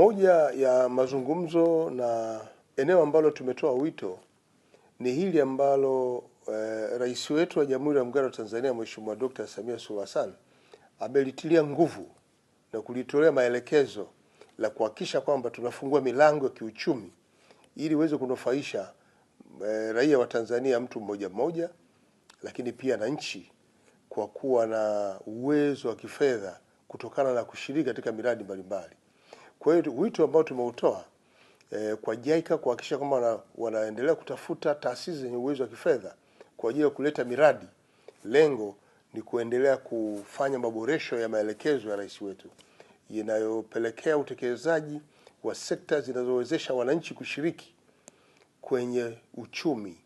Moja ya mazungumzo na eneo ambalo tumetoa wito ni hili ambalo eh, rais wetu wa Jamhuri ya Muungano wa Tanzania Mheshimiwa Dr. Samia Suluhu Hassan amelitilia nguvu na kulitolea maelekezo la kuhakikisha kwamba tunafungua milango ya kiuchumi ili uweze kunufaisha eh, raia wa Tanzania mtu mmoja mmoja, lakini pia na nchi kwa kuwa na uwezo wa kifedha kutokana na kushiriki katika miradi mbalimbali. Kwa hiyo wito ambao tumeutoa eh, kwa JICA kuhakikisha kwamba wana, wanaendelea kutafuta taasisi zenye uwezo wa kifedha kwa ajili ya kuleta miradi. Lengo ni kuendelea kufanya maboresho ya maelekezo ya rais wetu yanayopelekea utekelezaji wa sekta zinazowezesha wananchi kushiriki kwenye uchumi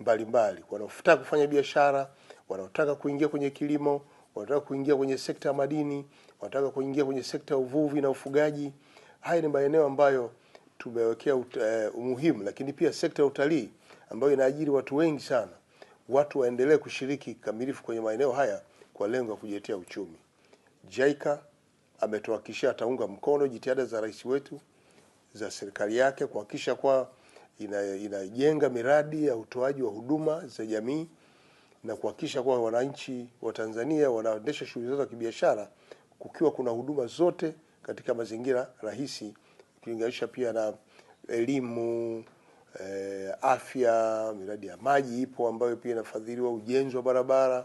mbalimbali, wanaotaka kufanya biashara, wanaotaka kuingia kwenye kilimo, wanataka kuingia kwenye sekta ya madini, wanataka kuingia kwenye sekta ya uvuvi na ufugaji. Haya ni maeneo ambayo tumewekea eh, umuhimu, lakini pia sekta ya utalii ambayo inaajiri watu wengi sana, watu waendelee kushiriki kikamilifu kwenye maeneo haya kwa lengo la kujiletea uchumi. JICA ametuhakikishia ataunga mkono jitihada za rais wetu za serikali yake kuhakikisha kwa inajenga ina miradi ya utoaji wa huduma za jamii na kuhakikisha kuwa wananchi wa Tanzania wanaendesha shughuli zao za kibiashara kukiwa kuna huduma zote katika mazingira rahisi ukilinganisha pia na elimu e, afya, miradi ya maji ipo ambayo pia inafadhiliwa, ujenzi wa barabara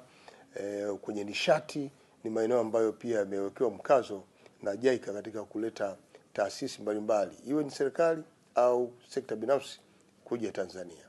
e, kwenye nishati ni maeneo ambayo pia yamewekewa mkazo na JICA katika kuleta taasisi mbalimbali iwe ni serikali au sekta binafsi kuja Tanzania.